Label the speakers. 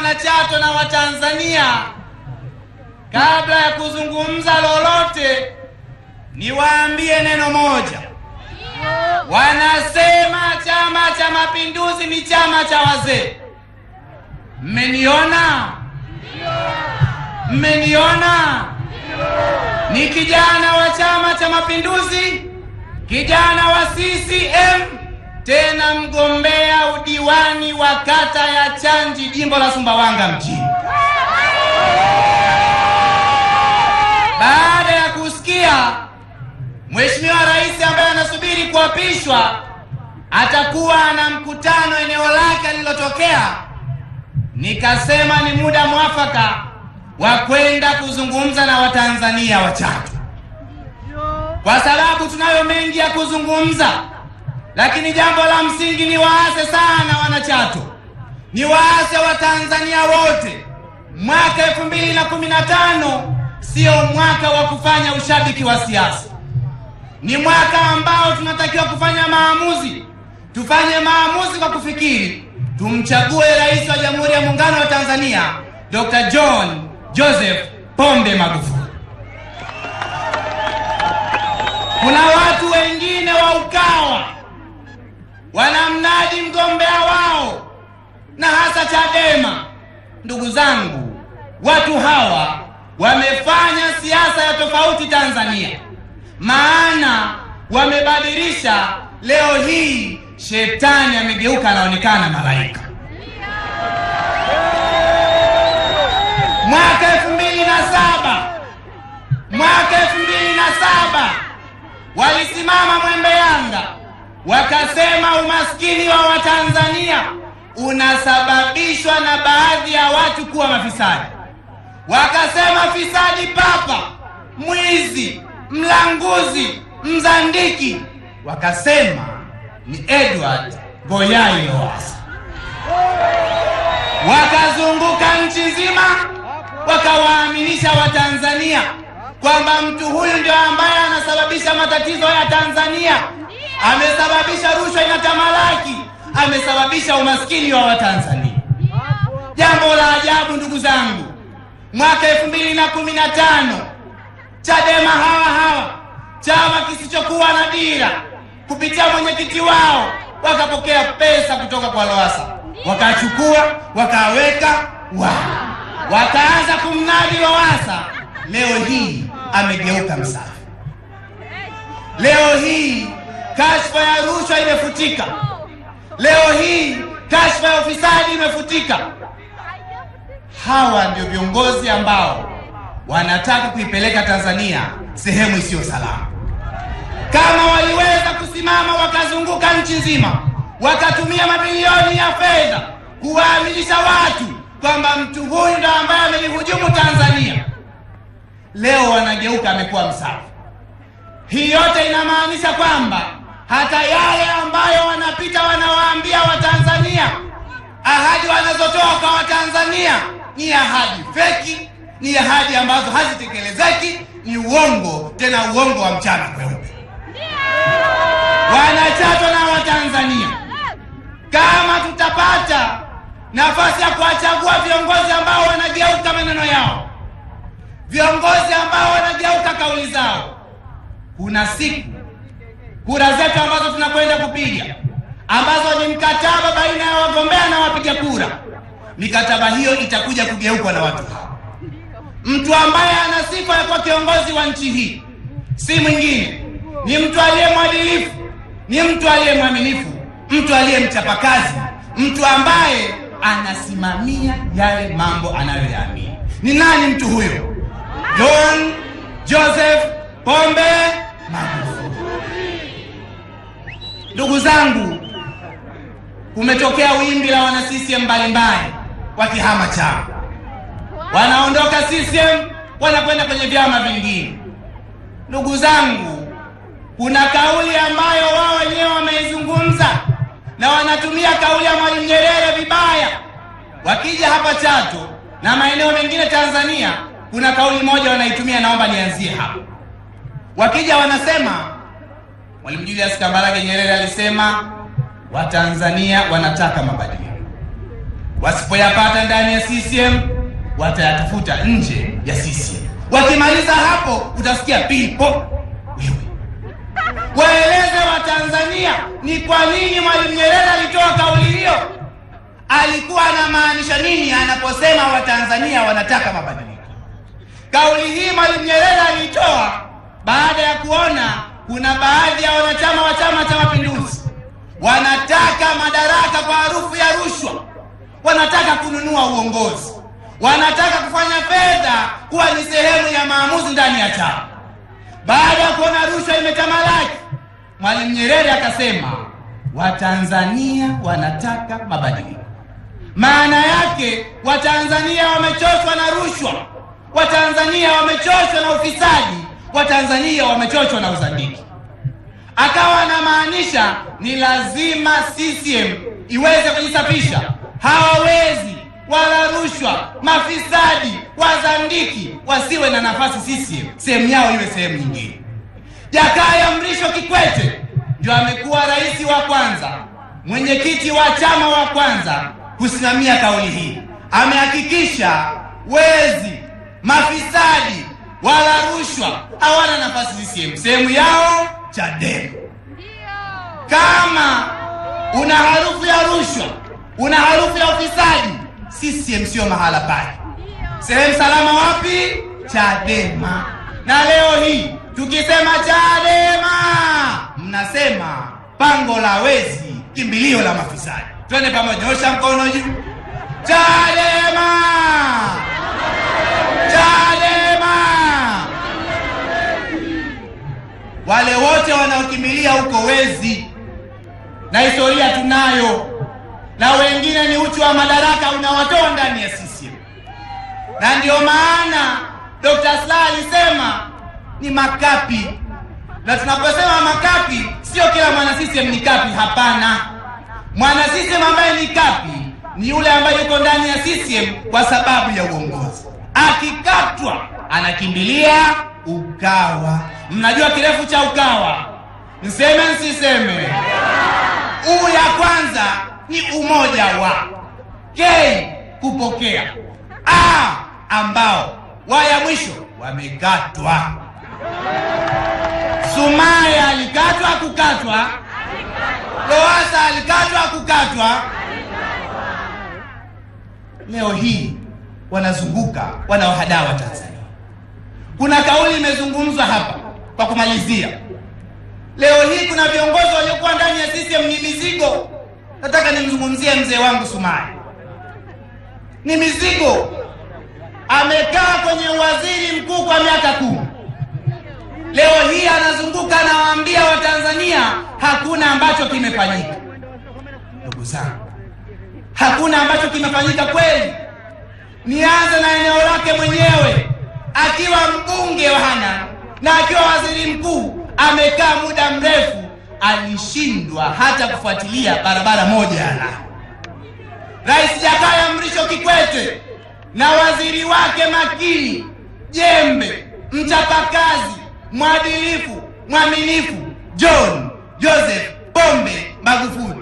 Speaker 1: Wanachato na Watanzania, kabla ya kuzungumza lolote, niwaambie neno moja. Wanasema Chama cha Mapinduzi ni chama cha wazee. Mmeniona? Mmeniona? Ni kijana wa Chama cha Mapinduzi, kijana wa CCM tena mgombea udiwani wa kata ya Chanji, jimbo la Sumbawanga mjini. Baada ya kusikia Mheshimiwa Rais ambaye anasubiri kuapishwa atakuwa ana mkutano eneo lake alilotokea nikasema ni muda mwafaka wa kwenda kuzungumza na Watanzania wachatu kwa sababu tunayo mengi ya kuzungumza. Lakini jambo la msingi ni waase sana Wanachato, ni waase Watanzania wote. Mwaka elfu mbili na kumi na tano sio mwaka wa kufanya ushabiki wa siasa, ni mwaka ambao tunatakiwa kufanya maamuzi. Tufanye maamuzi kwa kufikiri, tumchague Rais wa Jamhuri ya Muungano wa Tanzania Dr. John Joseph Pombe Magufuli. Kuna watu wanamnadi mgombea wao na hasa Chadema. Ndugu zangu, watu hawa wamefanya siasa ya tofauti Tanzania, maana wamebadilisha. Leo hii shetani amegeuka, anaonekana malaika. Mwaka elfu mbili na saba mwaka elfu mbili na saba walisimama Mwembe Yanga Wakasema umaskini wa Watanzania unasababishwa na baadhi ya watu kuwa mafisadi. Wakasema fisadi papa, mwizi, mlanguzi, mzandiki. Wakasema ni Edward Ngoyai Lowassa. Wakazunguka nchi nzima, wakawaaminisha Watanzania kwamba mtu huyu ndio ambaye anasababisha matatizo ya Tanzania amesababisha rushwa inatamalaki, amesababisha umaskini wa Watanzania. Jambo la ajabu ndugu zangu, mwaka elfu mbili na kumi na tano Chadema hawa hawa, chama kisichokuwa na dira, kupitia mwenyekiti wao wakapokea pesa kutoka kwa Lowassa, wakachukua wakaweka wao, wakaanza kumnadi Lowassa. Leo hii amegeuka msafi, leo hii Kashfa ya rushwa imefutika. Leo hii kashfa ya ufisadi imefutika. Hawa ndio viongozi ambao wanataka kuipeleka Tanzania sehemu isiyo salama. Kama waliweza kusimama wakazunguka nchi nzima, wakatumia mabilioni ya fedha kuwaamilisha watu kwamba mtu huyu ndo ambaye amelihujumu Tanzania, leo wanageuka, amekuwa msafi. Hii yote inamaanisha kwamba hata yale ambayo wanapita wanawaambia Watanzania, ahadi wanazotoa kwa Watanzania ni ahadi feki, ni ahadi ambazo hazitekelezeki, ni uongo, tena uongo wa mchana kweupe. Wanachatwa na Watanzania. Kama tutapata nafasi ya kuwachagua viongozi ambao wanageuka maneno yao, viongozi ambao wanageuka kauli zao, kuna siku kura zetu ambazo tunakwenda kupiga ambazo ni mkataba baina ya wagombea na wapiga kura, mikataba hiyo itakuja kugeukwa na watu hawa. Mtu ambaye ana sifa ya kuwa kiongozi wa nchi hii si mwingine, ni mtu aliye mwadilifu, ni mtu aliye mwaminifu, mtu aliye mchapakazi, mtu ambaye anasimamia yale mambo anayoyaamini. Ni nani mtu huyo? John Joseph Pombe Magufuli. Ndugu zangu, kumetokea wimbi la wana CCM mbalimbali wakihama chama, wanaondoka CCM wanakwenda kwenye vyama vingine. Ndugu zangu, kuna kauli ambayo wao wenyewe wameizungumza na wanatumia kauli ya Mwalimu Nyerere vibaya. Wakija hapa Chato na maeneo mengine Tanzania, kuna kauli moja wanaitumia, naomba nianzie hapo. Wakija wanasema Mwalimu Julius Kambarage Nyerere alisema Watanzania wanataka mabadiliko, wasipoyapata ndani ya CCM watayatafuta nje ya CCM. Wakimaliza hapo utasikia pipo. Waeleze Watanzania ni kwa nini Mwalimu Nyerere alitoa kauli hiyo, alikuwa anamaanisha nini anaposema Watanzania wanataka mabadiliko. Kauli hii Mwalimu kuna baadhi ya wanachama wa Chama cha Mapinduzi wanataka madaraka kwa harufu ya rushwa, wanataka kununua uongozi, wanataka kufanya fedha kuwa ni sehemu ya maamuzi ndani ya chama. Baada ya kuona rushwa imetamalaki, Mwalimu Nyerere akasema Watanzania wanataka mabadiliko. Maana yake Watanzania wamechoshwa na rushwa, Watanzania wamechoshwa na ufisadi Watanzania wamechochwa na uzandiki, akawa anamaanisha ni lazima CCM iweze kujisafisha. Hawawezi, wala rushwa, mafisadi, wazandiki wasiwe na nafasi CCM, sehemu yao iwe sehemu nyingine. Jakaya Mrisho Kikwete ndio amekuwa rais wa kwanza, mwenyekiti wa chama wa kwanza kusimamia kauli hii. Amehakikisha wezi, mafisadi wala rushwa hawana nafasi CCM, sehemu yao Chadema. Kama una harufu ya rushwa, una harufu ya ufisadi, CCM sio mahala pake. Sehemu salama wapi? Chadema. Na leo hii tukisema Chadema, mnasema pango la wezi, kimbilio la mafisadi. Twende pamoja, osha mkono juu. wale wote wanaokimbilia huko wezi, na historia tunayo, na wengine ni uchu wa madaraka unawatoa ndani ya CCM, na ndio maana Dr. Slaa alisema ni makapi. Na tunaposema makapi, sio kila mwana CCM ni kapi, hapana. Mwana CCM ambaye ni kapi ni yule ambaye yuko ndani ya CCM kwa sababu ya uongozi, akikatwa anakimbilia UKAWA. Mnajua kirefu cha UKAWA? nseme nsiseme? U ya kwanza ni umoja wa, K kupokea, A ambao, wa ya mwisho wamekatwa. Sumaya alikatwa kukatwa, Lowasa alikatwa kukatwa. Leo hii wanazunguka wanaohadaa Watanzania kuna kauli imezungumzwa hapa kwa kumalizia. Leo hii kuna viongozi waliokuwa ndani ya CCM ni mizigo. Nataka nimzungumzie mzee wangu sumari ni mizigo. Amekaa kwenye waziri mkuu kwa miaka kumi, leo hii anazunguka anawaambia Watanzania hakuna ambacho kimefanyika. Ndugu zangu, hakuna ambacho kimefanyika kweli. Nianze na eneo lake mwenyewe akiwa mbunge wana na akiwa waziri mkuu amekaa muda mrefu, alishindwa hata kufuatilia barabara moja na Rais Jakaya Mrisho Kikwete na waziri wake makini, jembe, mchapakazi, mwadilifu, mwaminifu John Joseph Pombe Magufuli